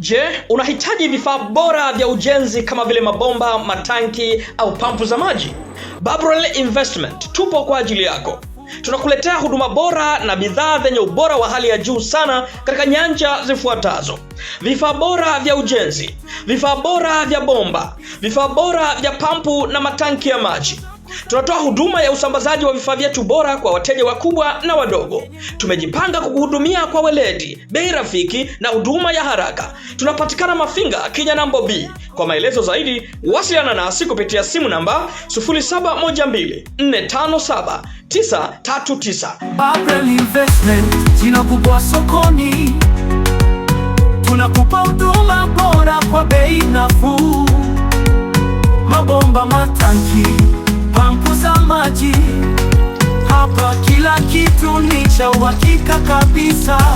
Je, unahitaji vifaa bora vya ujenzi kama vile mabomba, matanki au pampu za maji? Babrel Investment tupo kwa ajili yako. Tunakuletea huduma bora na bidhaa zenye ubora wa hali ya juu sana katika nyanja zifuatazo: vifaa bora vya ujenzi, vifaa bora vya bomba, vifaa bora vya pampu na matanki ya maji. Tunatoa huduma ya usambazaji wa vifaa vyetu bora kwa wateja wakubwa na wadogo. Tumejipanga kukuhudumia kwa weledi, bei rafiki na huduma ya haraka. Tunapatikana Mafinga, Kenya Nambo B. Kwa maelezo zaidi, wasiliana nasi kupitia simu namba 0712457939. Investment jina kubwa sokoni, tunakupa huduma bora kwa bei nafuu, mabomba matanki kila kitu ni cha uhakika kabisa.